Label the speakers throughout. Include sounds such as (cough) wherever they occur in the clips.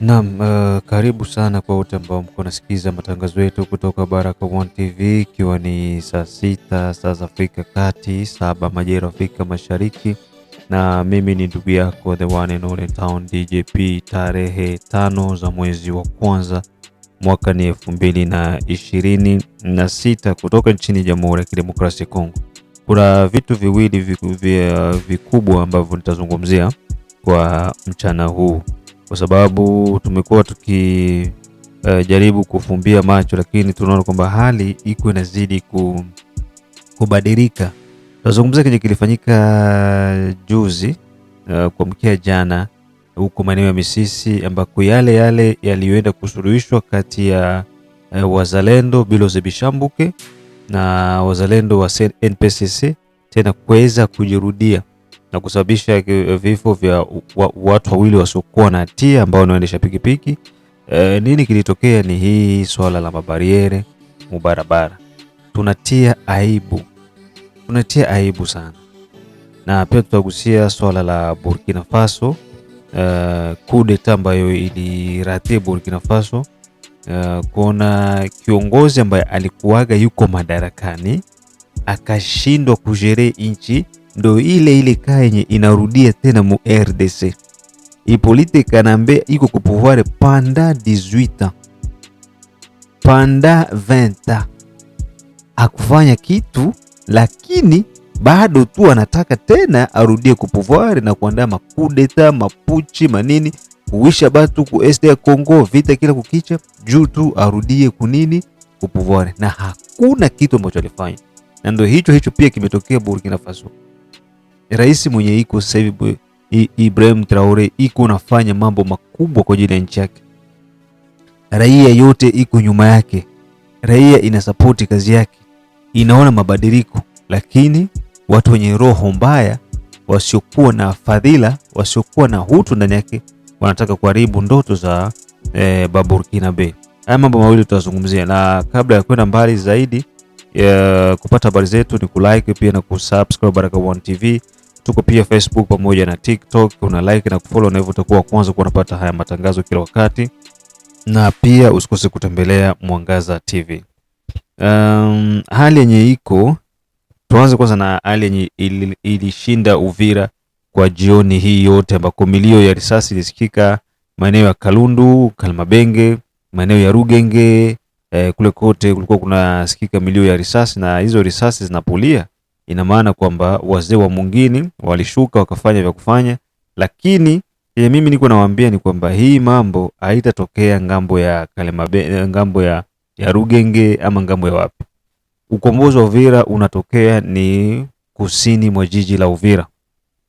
Speaker 1: Naam, uh, karibu sana kwa wote ambao mko nasikiza matangazo yetu kutoka baraka One TV ikiwa ni saa sita saa za Afrika Kati, saba majira Afrika Mashariki, na mimi ni ndugu yako the one and only Town DJP. Tarehe tano za mwezi wa kwanza mwaka ni elfu mbili na ishirini na sita kutoka nchini Jamhuri ya Kidemokrasia ya Kongo. Kuna vitu viwili vikubwa ambavyo nitazungumzia kwa mchana huu kwa sababu tumekuwa tukijaribu eh, uh, kufumbia macho, lakini tunaona kwamba hali iko inazidi ku, kubadilika. Tunazungumza kile kilifanyika juzi uh, kuamkia jana huko maeneo ya Misisi ambako yale yale yaliyoenda kusuluhishwa kati ya uh, wazalendo Biloze Bishambuke na wazalendo wa NPCC tena kuweza kujirudia na kusababisha eh, vifo vya watu wawili wasiokuwa na hatia ambao wanaendesha pikipiki. E, nini kilitokea? Ni hii swala la mabariere mubarabara. Tunatia aibu, tunatia aibu sana, na pia tutagusia swala la Burkina Faso, kudeta eh, ambayo iliratibu Burkina Faso, Uh, kuona kiongozi ambaye alikuwaga yuko madarakani akashindwa kujere nchi ndo ile ile yenye inarudia tena mu RDC. Hipolite Kanambe iko ku pouvoir panda 18 ans panda 20 ans akufanya kitu, lakini bado tu anataka tena arudie ku pouvoir na kuandaa makudeta mapuchi manini kuisha batu ku este ya Kongo vita kila kukicha juu tu arudie kunini ku pouvoir, na hakuna kitu ambacho alifanya, na ndio hicho hicho pia kimetokea Burkina Faso rais mwenye iko sasa hivi Ibrahim Traore iko nafanya mambo makubwa kwa ajili ya nchi yake. Raia yote iko nyuma yake, raia inasapoti kazi yake, inaona mabadiliko, lakini watu wenye roho mbaya, wasiokuwa na fadhila, wasiokuwa na hutu ndani yake, wanataka kuharibu ndoto za e, eh, Burkinabe. Haya mambo mawili tutazungumzia, na kabla ya kwenda mbali zaidi ya kupata habari zetu ni kulike pia na kusubscribe Baraka1 TV. Tuko pia Facebook pamoja na TikTok, una like na kufollow, na hivyo utakuwa kwanza kuwa unapata haya matangazo kila wakati, na pia usikose kutembelea Mwangaza TV. Um, hali yenye iko, tuanze kwanza na hali yenye ilishinda ili Uvira kwa jioni hii yote, ambako milio ya risasi ilisikika maeneo ya Kalundu, Kalmabenge, maeneo ya Rugenge, eh, kule kote kulikuwa kunasikika milio ya risasi na hizo risasi zinapulia Ina maana kwamba wazee wa mwingine walishuka wakafanya vya kufanya, lakini ya eh, mimi niko nawaambia ni kwamba hii mambo haitatokea ngambo ya Kalemabe, eh, ngambo ya, ya Rugenge ama ngambo ya wapi. Ukombozi wa Uvira unatokea ni kusini mwa jiji la Uvira,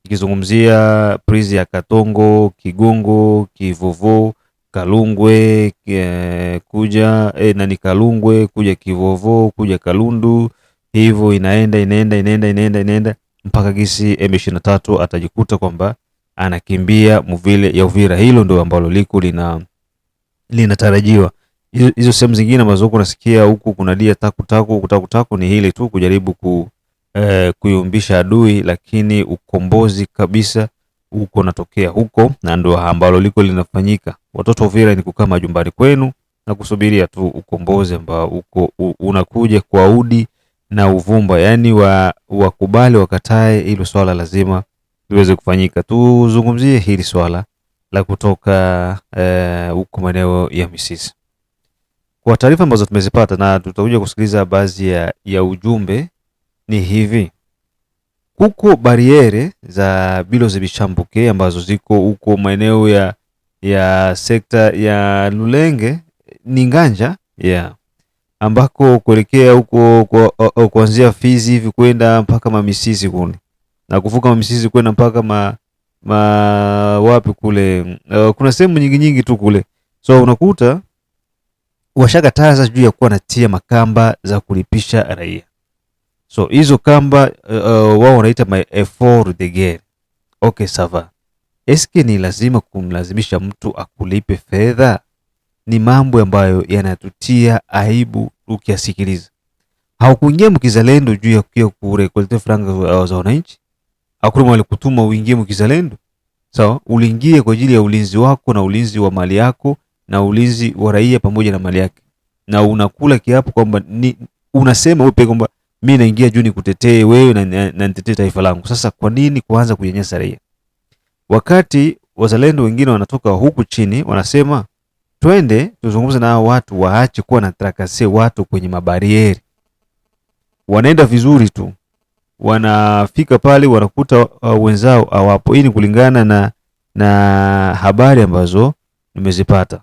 Speaker 1: ikizungumzia prizi ya Katongo, Kigongo, Kivovo, Kalungwe, eh, kuja eh, na ni Kalungwe kuja Kivovo kuja Kalundu hivyo inaenda inaenda inaenda inaenda inaenda mpaka gisi M23 atajikuta kwamba anakimbia mvile ya Uvira. Hilo ndio ambalo liko lina linatarajiwa. Hizo sehemu zingine ambazo huko nasikia huku kuna dia taku taku taku taku, ni hili tu kujaribu ku eh, kuyumbisha adui, lakini ukombozi kabisa huko natokea huko, na ndio ambalo liko linafanyika. Watoto Uvira ni kukaa majumbani kwenu na kusubiria tu ukombozi ambao uko unakuja kwa udi na uvumba, yaani wakubali wakatae, hilo swala lazima liweze kufanyika. Tuzungumzie hili swala la kutoka eh, huko uh, maeneo ya Misisi. Kwa taarifa ambazo tumezipata na tutakuja kusikiliza baadhi ya, ya ujumbe ni hivi huko bariere za bilo Bishambuke ambazo ziko huko maeneo ya, ya sekta ya Lulenge ni nganja yeah ambako kuelekea huko kuanzia Fizi hivi kwenda mpaka Mamisisi kule na kuvuka Mamisisi kwenda mpaka ma, ma wapi kule uh, kuna sehemu nyingi nyingi tu kule, so unakuta taza juu ya kuwa natia makamba za kulipisha raia. So hizo kamba uh, uh, wao wanaita my effort the game. Okay, sawa. Eske ni lazima kumlazimisha mtu akulipe fedha? ni mambo ambayo yanatutia aibu ukiyasikiliza. Haukuingia mkizalendo juu ya kukia kurekolte franga za wananchi, hakuna kutuma uingie mkizalendo sawa. So, uliingia kwa ajili ya ulinzi wako na ulinzi wa mali yako na ulinzi wa raia pamoja na mali yake, na unakula kiapo kwamba ni unasema wewe kwamba mimi naingia juu nikutetee wewe na, na, na nitetee taifa langu. Sasa kwa nini kuanza kunyanyasa raia wakati wazalendo wengine wanatoka huku chini wanasema twende tuzungumze na watu, waache kuwa na trakase watu kwenye mabarieri. Wanaenda vizuri tu, wanafika pale wanakuta uh, wenzao hawapo. Hii ni kulingana na, na habari ambazo nimezipata.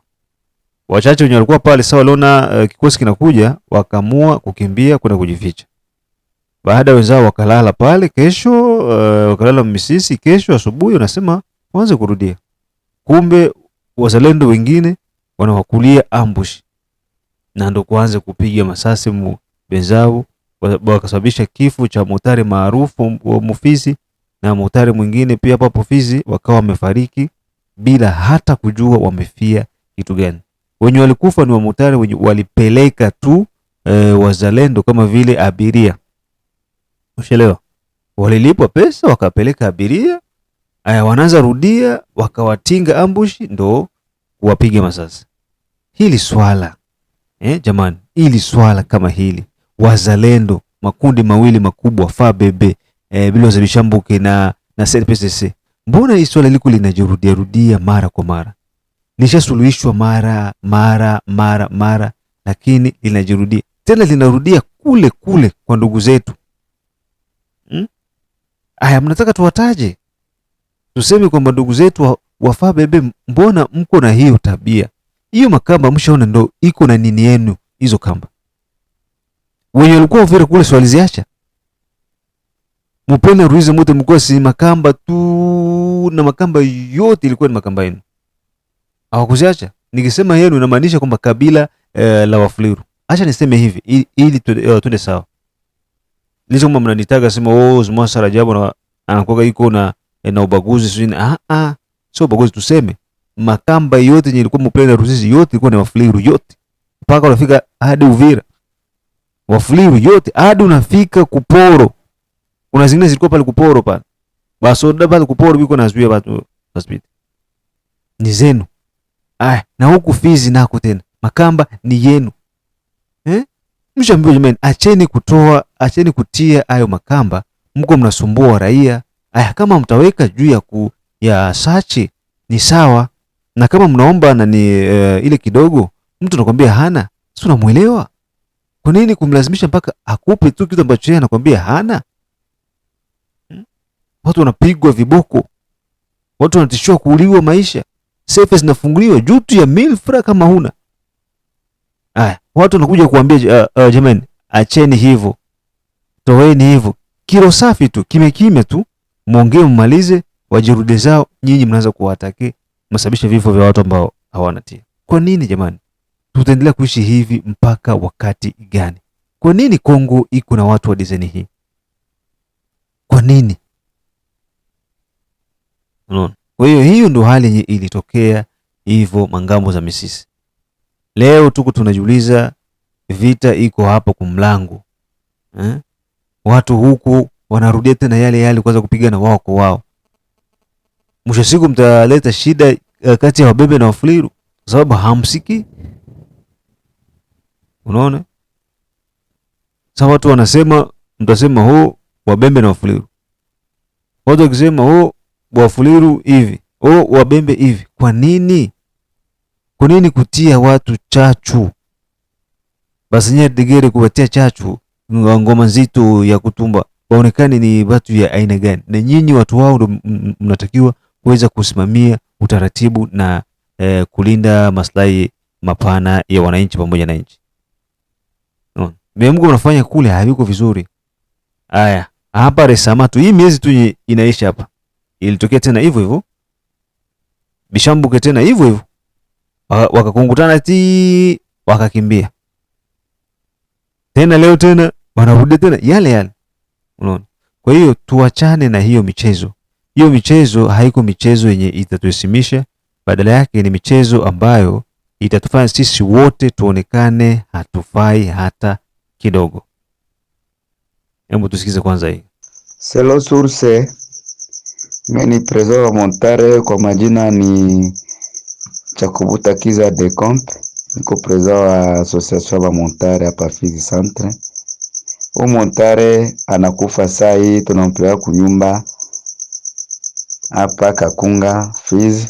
Speaker 1: Wachache wenye walikuwa pale sawa, waliona uh, kikosi kinakuja, wakaamua kukimbia kwenda kujificha. Baada wenzao wakalala pale, kesho uh, wakalala misisi. Kesho asubuhi wanasema waanze kurudia, kumbe wazalendo wengine wanawakulia ambush na ndo kuanze kupiga masasi mu wakasababisha kifo cha motari maarufu wa Mufizi na motari mwingine pia hapo Fizi, wakawa wamefariki bila hata kujua wamefia kitu gani. Wenye walikufa ni wamutare wenye walipeleka tu e, wazalendo kama vile abiria, ushelewa, walilipwa pesa wakapeleka abiria. Aya, wanaanza rudia, wakawatinga ambushi, ndo kuwapiga masasi hili swala eh, jamani, hili swala kama hili wazalendo makundi mawili makubwa FABB eh, Balozi Bishambuke na na SPCC, mbona hili swala liko linajirudia rudia mara kwa mara? Lishasuluhishwa mara mara mara mara, lakini linajirudia tena, linarudia kule kule kwa ndugu zetu hmm? Aya, mnataka tuwataje? Tuseme kwamba ndugu zetu wa, wa FABB, mbona mko na hiyo tabia? hiyo makamba mshaona ndo iko na nini yenu hizo kamba wenye walikuwa Uvira kule swaliziacha mupena ruizi mote mkuwa si makamba tu na makamba yote ilikuwa ni makamba yenu hawakuziacha. Nikisema yenu namaanisha kwamba kabila eh, la Wafuliru. Acha niseme hivi ili, tuende eh, sawa. Lizo kama mnanitaga sema oh Zuma Sarajabu na anakuwa iko na eh, na ubaguzi sio? Ah ah, sio ubaguzi, tuseme Makamba yote yenye ilikuwa mpenda Ruzizi yote ilikuwa ni Wafuliru yote, mpaka unafika hadi Uvira, Wafuliru yote hadi unafika Kuporo. Kuna zingine zilikuwa pale Kuporo pale basoda pale Kuporo biko nazuia watu hospitali ni zenu. Ah, na huku Fizi nako tena Makamba ni yenu eh? Mshambio jamani, acheni kutoa, acheni kutia hayo Makamba, mko mnasumbua raia. Aya, kama mtaweka juu ya ku, ya sachi ni sawa na kama mnaomba na ni e, ile kidogo, mtu anakuambia hana, si unamuelewa? Kwa nini kumlazimisha mpaka akupe tu kitu ambacho yeye anakuambia hana? Hmm? Watu wanapigwa viboko, watu wanatishiwa kuuliwa maisha, sefa zinafunguliwa juu tu ya milfra kama huna. Aya, watu wanakuja kuambia uh, eh, uh, eh, jamani, acheni hivyo, toweni hivyo, kilo safi tu, kimya kimya tu, mwongee, mmalize, wajirudi zao. Nyinyi mnaanza kuwatakia mnasababisha vifo vya watu ambao hawana tia. Kwa nini jamani? Tutaendelea kuishi hivi mpaka wakati gani? Kwa nini Kongo iko na watu wa design hii? Kwa nini? Unaona? Kwa hiyo hiyo ndio hali yenye ilitokea hivyo mangambo za misisi. Leo tuko tunajiuliza vita iko hapo kumlango eh? Watu huku wanarudia tena yale yale, kuanza kupigana wao kwa wao mwisho siku mtaleta shida eh, kati ya wabebe na wafuliru kwa sababu hamsiki. Unaona, sa watu wanasema, mtasema huu wabembe na wafuliru, watu wakisema huu wafuliru hivi, huu wabembe hivi. Kwa nini? Kwa nini kutia watu chachu? Basi nye digere kuwatia chachu ngoma nzito ya kutumba waonekane ni watu ya aina gani, na nyinyi watu wao ndo mnatakiwa kuweza kusimamia utaratibu na e, kulinda maslahi mapana ya wananchi pamoja na nchi. No. Mungu unafanya kule hayuko vizuri. Aya, hapa resama tu hii miezi tu inaisha hapa. Ilitokea tena hivyo hivyo. Bishambuke tena hivyo hivyo. Wakakungutana ti wakakimbia. Tena leo tena wanarudi tena yale yale. Unaona? Kwa hiyo tuachane na hiyo michezo. Hiyo michezo haiko michezo yenye itatuheshimisha, badala yake ni michezo ambayo itatufanya sisi wote tuonekane hatufai hata kidogo. Hebu tusikize kwanza hii.
Speaker 2: Selo source mimi wa Montare, kwa majina ni Chakubuta Kiza de Comte, niko president wa Association wa Montare hapa Fizi Centre. Huyu Montare anakufa saa hii, kunyumba hapa Kakunga Fizi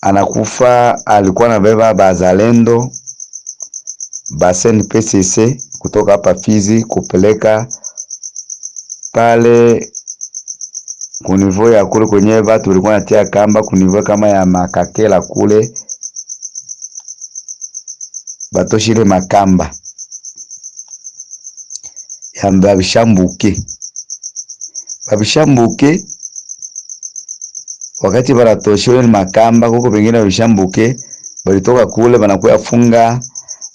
Speaker 2: anakufa, alikuwa anabeba bazalendo basen PCC kutoka hapa Fizi kupeleka pale kunivo ya kule kwenye watu walikuwa natia kamba kunivo kama ya makakela kule batoshile makamba yamba vishambuke avishambuke wakati vanatoshiwe ni makamba huko, pengine avishambuke balitoka kule vanakuya funga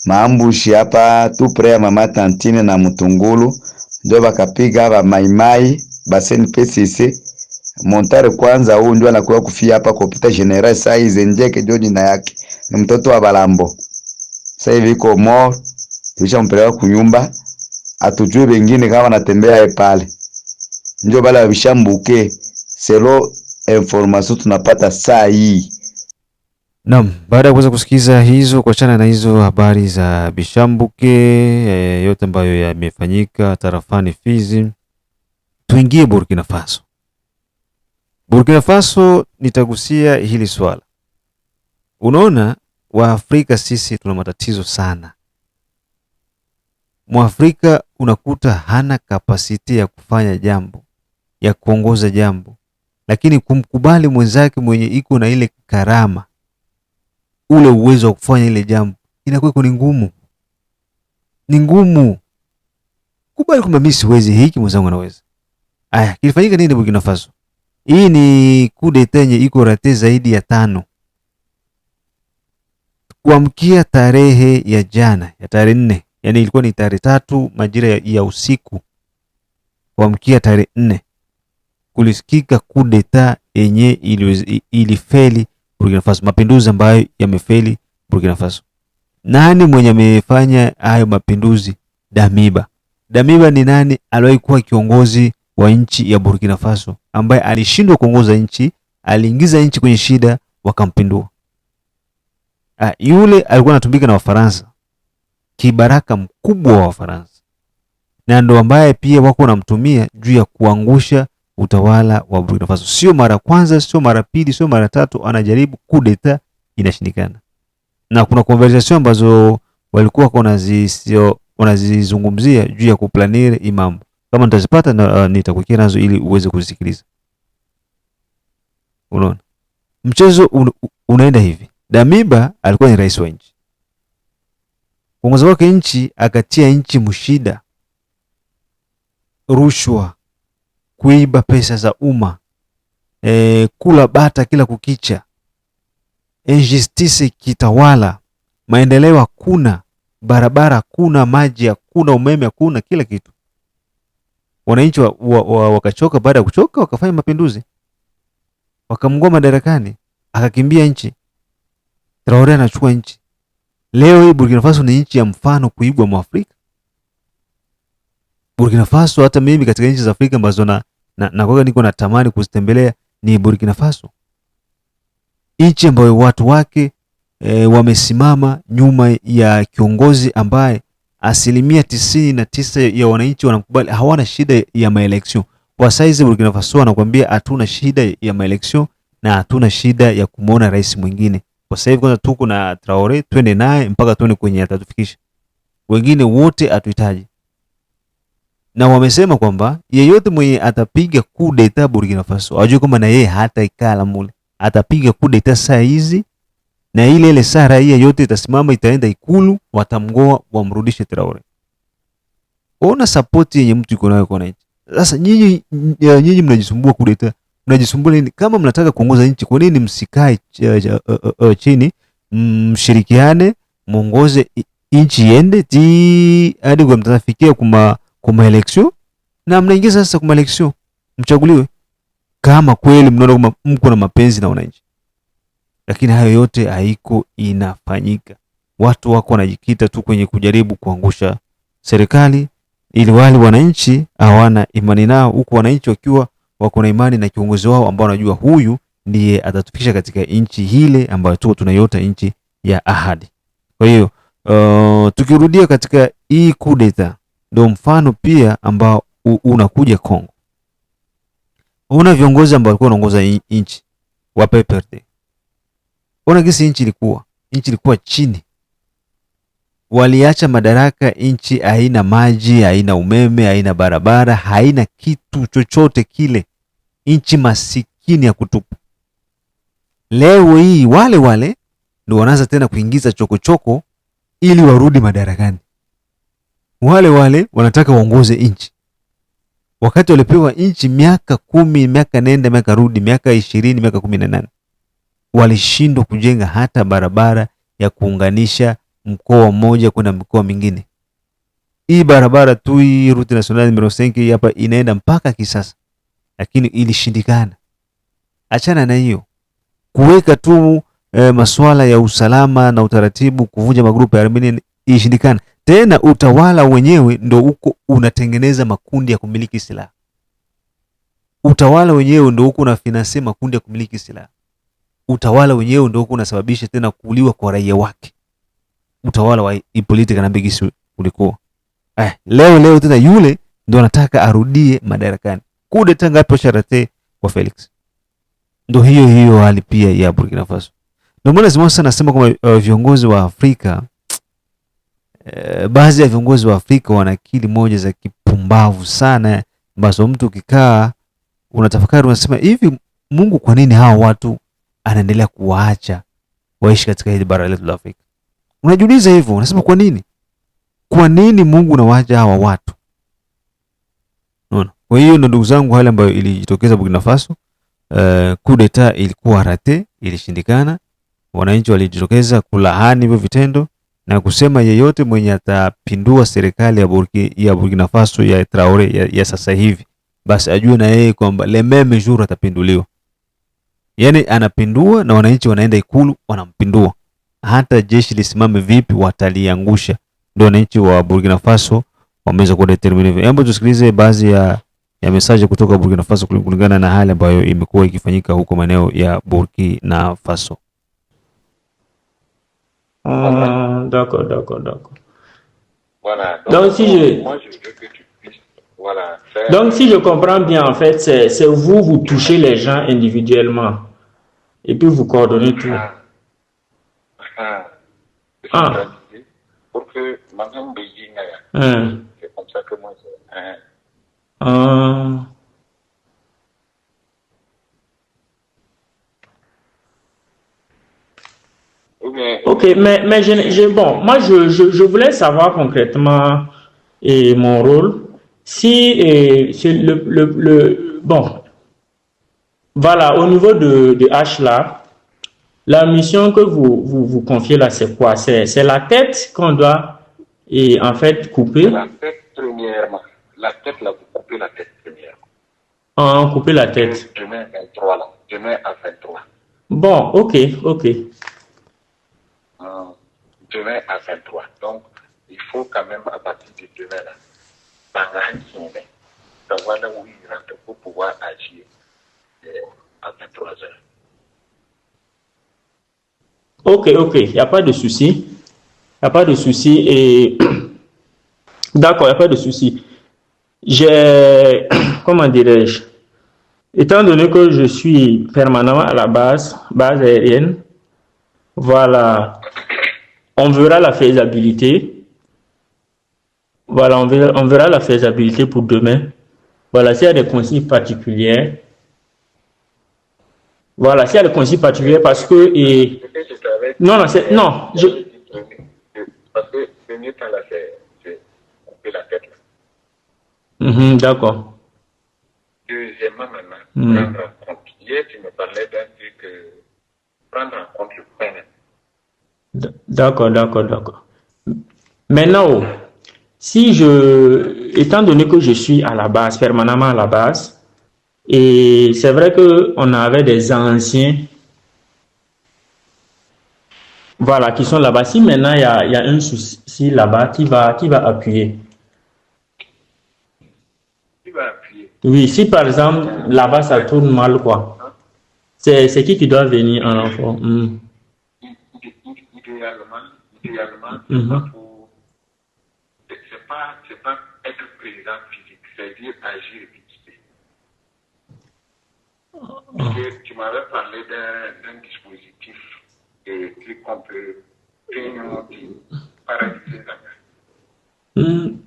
Speaker 2: maambushi hapa tupre ya mama Tantine na Mutungulu, ndio bakapiga ba maimai baseni pesisi montare kwanza. huu ndio anakuwa kufia hapa kwa pita general size njeke, ndio jina yake, ni mtoto wa Balambo. Sasa hivi iko mo mpelewa kunyumba, atujue wengine kama wanatembea pale ndio bala babishambuke selo information tunapata saa hii.
Speaker 1: Naam, baada ya kuweza kusikiza hizo, kuachana na hizo habari za Bishambuke e, yote ambayo yamefanyika tarafani Fizi, tuingie Burkina Faso. Burkina Faso nitagusia hili swala. Unaona, Waafrika sisi tuna matatizo sana. Mwafrika unakuta hana kapasiti ya kufanya jambo ya kuongoza jambo, lakini kumkubali mwenzake mwenye iko na ile karama, ule uwezo wa kufanya ile jambo, inakuwa iko ni ngumu, ni ngumu kubali kwamba mimi siwezi hiki, mwenzangu anaweza. Aya, kilifanyika nini Burkina Faso? Hii ni kudeta yenye iko rate zaidi ya tano kuamkia tarehe ya jana ya tarehe nne, yani ilikuwa ni tarehe tatu majira ya, ya usiku kuamkia tarehe nne kulisikika kudeta yenye ilifeli Burkina Faso, mapinduzi ambayo yamefeli Burkina Faso. Nani mwenye amefanya hayo mapinduzi? Damiba. Damiba ni nani? Aliwahi kuwa kiongozi wa nchi ya Burkina Faso ambaye alishindwa kuongoza nchi, aliingiza nchi kwenye shida, wakampindua. Ah, yule alikuwa anatumika na Wafaransa, kibaraka mkubwa wa Wafaransa, na ndo ambaye pia wako wanamtumia juu ya kuangusha utawala wa Burkina Faso. Sio mara kwanza, sio mara pili, sio mara tatu, anajaribu kudeta, inashindikana. Na kuna conversation ambazo walikuwa wanazizungumzia juu ya kuplanire imam, Kama nitazipata uh, nitakukia nazo ili uweze kuzisikiliza. Unaona, mchezo un, unaenda hivi. Damiba alikuwa ni rais wa nchi, uongozi wake nchi akatia nchi mshida, rushwa kuiba pesa za umma e, kula bata kila kukicha, injustice e, kitawala, maendeleo hakuna, barabara hakuna, maji hakuna, umeme hakuna, kila kitu. Wananchi wa, wa, wa, wakachoka. Baada ya kuchoka, wakafanya mapinduzi, wakamngoa madarakani, akakimbia nchi. Traore anachukua nchi. Leo hii Burkina Faso ni nchi ya mfano kuibwa mwa Afrika. Burkina Faso hata mimi katika nchi za Afrika ambazo na na, na kwa niko natamani kuzitembelea ni Burkina Faso, nchi ambayo watu wake e, wamesimama nyuma ya kiongozi ambaye asilimia tisini na tisa ya wananchi wanamkubali, hawana shida ya maeleksio kwa saizi. Burkina Faso anakuambia hatuna shida ya maeleksio na hatuna shida ya kumwona rais mwingine kwa sasa hivi. Kwanza tuko na Traore, twende naye mpaka tuone kwenye atatufikisha, wengine wote hatuhitaji na wamesema kwamba yeyote mwenye atapiga kudeta Burkina Faso ajue kwamba na yeye hata ikala mule, atapiga kudeta saa hizi, na ile ile saa raia yote itasimama, itaenda ikulu, watamgoa, wamrudishe Traore. Ona support yenye mtu yuko nayo kwa nchi. Sasa nyinyi nyinyi mnajisumbua kudeta, mnajisumbua nini? Kama mnataka kuongoza nchi, kwa nini msikae ch ch ch ch chini, mshirikiane, muongoze nchi iende ti hadi kwa mtafikia kuma kwa maelection na mnaingia sasa kwa maelection mchaguliwe, kama kweli mnaona kwamba mko na mapenzi na wananchi. Lakini hayo yote haiko inafanyika, watu wako wanajikita tu kwenye kujaribu kuangusha serikali, ili wale wananchi hawana imani nao, huku wananchi wakiwa wako na imani na kiongozi wao ambao wanajua huyu ndiye atatufikisha katika nchi hile ambayo tuko tunaiota nchi ya ahadi. Kwa hiyo uh, tukirudia katika hii kudeta ndio mfano pia ambao unakuja Kongo. Una viongozi ambao walikuwa wanaongoza nchi wa PPRD. Ona gisi nchi ilikuwa, nchi ilikuwa chini. Waliacha madaraka, nchi haina maji, haina umeme, haina barabara, haina kitu chochote kile. Nchi masikini ya kutupu. Leo hii wale wale ndio wanaanza tena kuingiza chokochoko choko ili warudi madarakani wale wale wanataka waongoze nchi, wakati walipewa nchi miaka kumi, miaka nenda miaka rudi, miaka ishirini, miaka kumi na nane walishindwa kujenga hata barabara ya kuunganisha mkoa mmoja kwenda mkoa mingine. Hii barabara tu hii route nationale numero 5 hapa inaenda mpaka Kisasa, lakini ilishindikana. Achana na hiyo kuweka tu e, masuala ya usalama na utaratibu, kuvunja magrupu ya Armenian ilishindikana. Tena utawala wenyewe ndo uko unatengeneza makundi ya kumiliki silaha. Utawala wenyewe ndo uko unafinansia makundi ya kumiliki silaha. Utawala wenyewe ndo uko unasababisha tena kuuliwa kwa raia wake. Utawala wa ipolitika na Karangwe ulikuwa eh, leo leo tena yule ndo anataka arudie madarakani. Kude tanga hapo sharate kwa Felix? Ndo hiyo hiyo hali pia ya Burkina Faso. Ndio maana Zimosa anasema kwamba uh, viongozi wa Afrika e, baadhi ya viongozi wa Afrika wana akili moja za kipumbavu sana, ambazo mtu ukikaa unatafakari unasema hivi, Mungu kwa nini hawa watu anaendelea kuwaacha waishi katika hili bara letu la Afrika? Unajiuliza hivyo, unasema kwa nini, kwa nini Mungu unawaacha hawa watu? Unaona, kwa hiyo ndugu zangu, hali ambayo ilijitokeza Burkina Faso Uh, eh, kudeta ilikuwa rate, ilishindikana. Wananchi walijitokeza kulaani hivyo vitendo na kusema yeyote mwenye atapindua serikali ya, Burki, ya Burkina Faso ya Traore ya, ya sasa hivi basi ajue na yeye kwamba le meme jour atapinduliwa. Yani anapindua na wananchi wanaenda ikulu wanampindua, hata jeshi lisimame vipi wataliangusha. Ndio wananchi wa Burkina Faso wameweza kuwa determined. Hebu tusikilize baadhi ya ya mesaje kutoka Burkina Faso kulingana na hali ambayo imekuwa ikifanyika huko maeneo ya Burkina Faso.
Speaker 3: Ah, d'accord, d'accord, d'accord. Voilà. Donc, donc si je... Moi, je veux que tu puisses, voilà, faire... Donc, si je comprends bien, en fait, c'est vous, vous touchez les gens individuellement. Et puis, vous coordonnez tout. Ah. ah. ah. Pour que Madame Beijing, ah. c'est comme ça que moi, je... Hein. Ah. Euh, ok, mais, mais je, bon, moi je, je, voulais savoir concrètement et mon rôle. Si et, euh, le, le, le, bon, voilà, au niveau de, de H là, la mission que vous vous, vous confiez là, c'est quoi C'est la tête qu'on doit et en fait couper. La
Speaker 4: tête premièrement, la tête là, vous coupez la tête première.
Speaker 3: Ah, couper la tête.
Speaker 4: Demain, trois, là, demain à trois.
Speaker 3: Bon, ok, ok
Speaker 4: demain à 23. Donc, il faut quand même, à partir de demain, là, savoir là où il rentre pour pouvoir agir euh, à 23 heures.
Speaker 3: Ok, ok, il n'y a pas de souci. Il n'y a pas de souci. Et... (clears throat) D'accord, il n'y a pas de souci. J'ai. (clears throat) Comment dirais-je Étant donné que je suis permanent à la base, base aérienne, voilà. On verra la faisabilité. Voilà, on verra, la faisabilité pour demain. Voilà, s'il y a des consignes particulières. Voilà, s'il y a des consignes particulières parce que. Et... Non, non, c'est. Non,
Speaker 4: je. Parce que c'est mieux quand la c'est couper la tête.
Speaker 3: Mhm, d'accord.
Speaker 4: Deuxièmement, maintenant, mhm. prendre compte. Hier, tu me parlais d'un truc. Euh, prendre en compte le prénom.
Speaker 3: D'accord, d'accord, d'accord. Maintenant, oh, si je, étant donné que je suis à la base, permanemment à la base, et c'est vrai que on avait des anciens, voilà, qui sont là-bas. Si maintenant il y a, un souci là-bas, qui va, qui va appuyer
Speaker 4: Qui va appuyer
Speaker 3: Oui, si par exemple là-bas ça tourne mal, quoi, hein? c'est qui qui doit venir en enfant hmm.
Speaker 4: Mhm. c'est pas, être président physique, c'est-à-dire agir vite fait. Ah. tu m'avais parlé d'un dispositif qu'on peut paralyser la
Speaker 3: mm.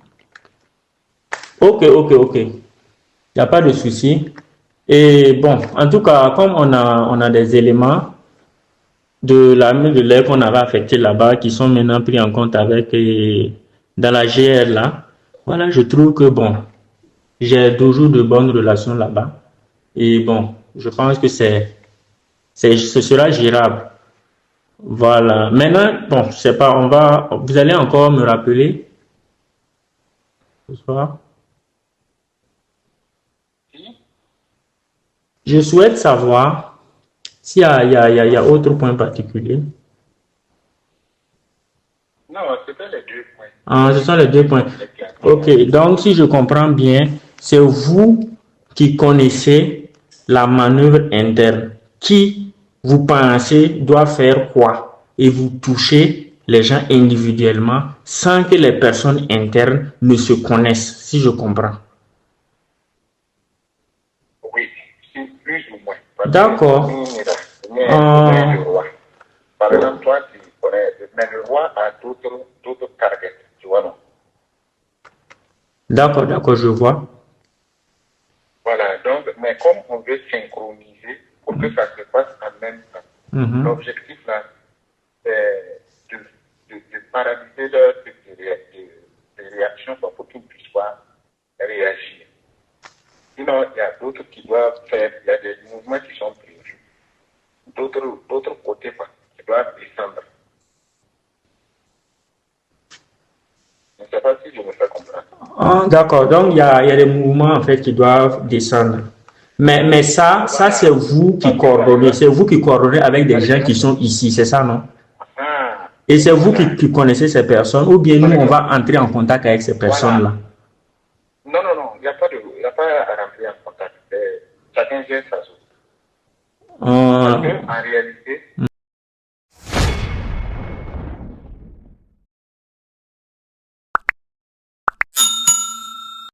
Speaker 3: Ok, ok, ok. Il n'y a pas de souci. Et bon, en tout cas, comme on a, on a des éléments, de l'armée de l'air qu'on avait affecté là-bas, qui sont maintenant pris en compte avec dans la GR là. Voilà, je trouve que bon, j'ai toujours de bonnes relations là-bas. Et bon, je pense que c'est, c'est, ce sera gérable. Voilà. Maintenant, bon, je sais pas, on va, vous allez encore me rappeler ce soir. Je souhaite savoir s'il y a, il y, a, autre point particulier.
Speaker 4: Non, sont les deux points.
Speaker 3: Ah, ce sont les deux points. Ok, donc si je comprends bien, c'est vous qui connaissez la manœuvre interne. Qui vous pensez doit faire quoi Et vous touchez les gens individuellement sans que les personnes internes ne se connaissent, si je comprends.
Speaker 4: Oui, plus ou moins.
Speaker 3: D'accord.
Speaker 4: Ah. Par exemple, toi, tu connais, le roi à d'autres, targets, tu vois, non?
Speaker 3: D'accord, d'accord, je vois.
Speaker 4: Voilà, donc, mais comme on veut synchroniser pour que ça se passe en même temps, mhm. l'objectif là, c'est de, de, de, paralyser leur truc de, réaction pour qu'ils puissent pas réagir. Sinon, il y a d'autres qui doivent faire, il y a des mouvements qui sont plus d'autres côtés qui doivent descendre. Je ne sais me fais comprendre.
Speaker 3: Ah, d'accord, donc il y, a, y a des mouvements en fait qui doivent descendre. Mais, mais ça, ça c'est vous qui coordonnez, c'est vous qui coordonnez avec des gens qui sont ici, c'est ça, non? Ah. Et c'est vous qui, connaissez ces personnes, ou bien nous, on va entrer en contact avec ces personnes-là.
Speaker 4: Non, non, non, il n'y a pas de, il a pas à rentrer en contact. Chacun sa variedad oh.